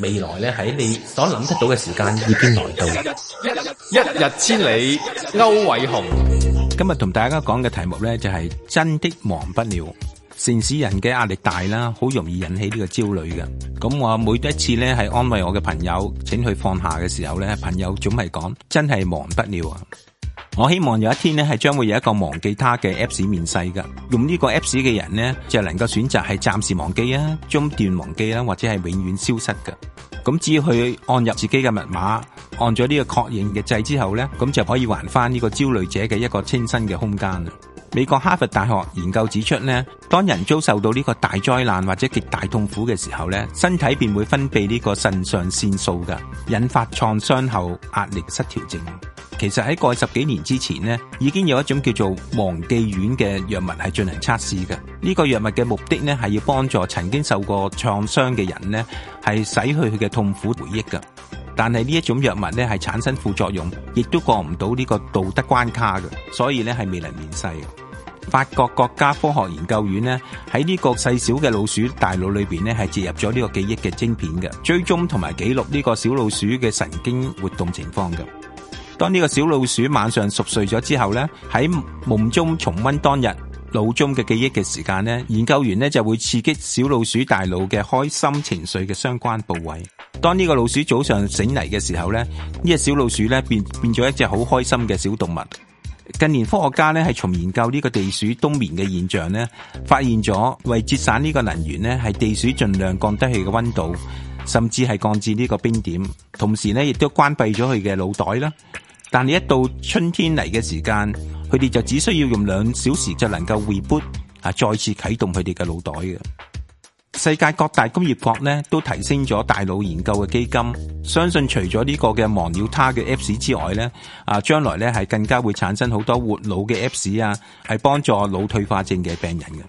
未來咧，喺你所諗得到嘅時間已經來到，一日千里，區煒洪。今日同大家講嘅題目呢，就係真的忘不了。城市人嘅壓力大啦，好容易引起呢個焦慮嘅。咁我每一次呢，係安慰我嘅朋友，請佢放下嘅時候呢，朋友總係講，真係忘不了啊。我希望有一天呢，係將會有一個忘記它嘅 apps 面世噶，用呢個 apps 嘅人呢，就能夠選擇係暫時忘記啊、中斷忘記啦，或者係永遠消失噶。咁只要佢按入自己嘅密碼，按咗呢個確認嘅掣之後呢，咁就可以還翻呢個焦慮者嘅一個清新嘅空間。美國哈佛大學研究指出呢，當人遭受到呢個大災難或者極大痛苦嘅時候呢，身體便會分泌呢個腎上腺素噶，引發創傷後壓力失調症。其實喺過去十幾年之前呢，已經有一種叫做忘記丸嘅藥物係進行測試嘅。呢個藥物嘅目的呢係要幫助曾經受過創傷嘅人呢，係洗去佢嘅痛苦回憶噶。但係呢一種藥物呢係產生副作用，亦都過唔到呢個道德關卡嘅，所以呢係未能面世。法國國家科學研究院呢喺呢個細小嘅老鼠大腦裏邊呢係植入咗呢個記憶嘅晶片嘅，追蹤同埋記錄呢個小老鼠嘅神經活動情況嘅。當呢個小老鼠晚上熟睡咗之後呢，喺夢中重溫當日腦中嘅記憶嘅時間呢，研究員呢就會刺激小老鼠大腦嘅開心情緒嘅相關部位。當呢個老鼠早上醒嚟嘅時候呢，呢隻小老鼠呢變變咗一隻好開心嘅小動物。近年科學家呢係從研究呢個地鼠冬眠嘅現象呢，發現咗為節省呢個能源呢，係地鼠盡量降低佢嘅溫度，甚至係降至呢個冰點，同時呢亦都關閉咗佢嘅腦袋啦。但你一到春天嚟嘅時間，佢哋就只需要用兩小時就能夠 reboot 啊，再次啟動佢哋嘅腦袋嘅。世界各大工業國咧都提升咗大腦研究嘅基金，相信除咗呢個嘅忘記它嘅 apps 之外咧，啊將來咧係更加會產生好多活腦嘅 apps 啊，係幫助腦退化症嘅病人嘅。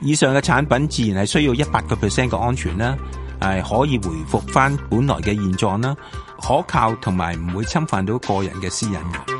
以上嘅產品自然係需要一百個 percent 嘅安全啦，係可以回復翻本來嘅現狀啦。可靠同埋唔會侵犯到個人嘅私隱。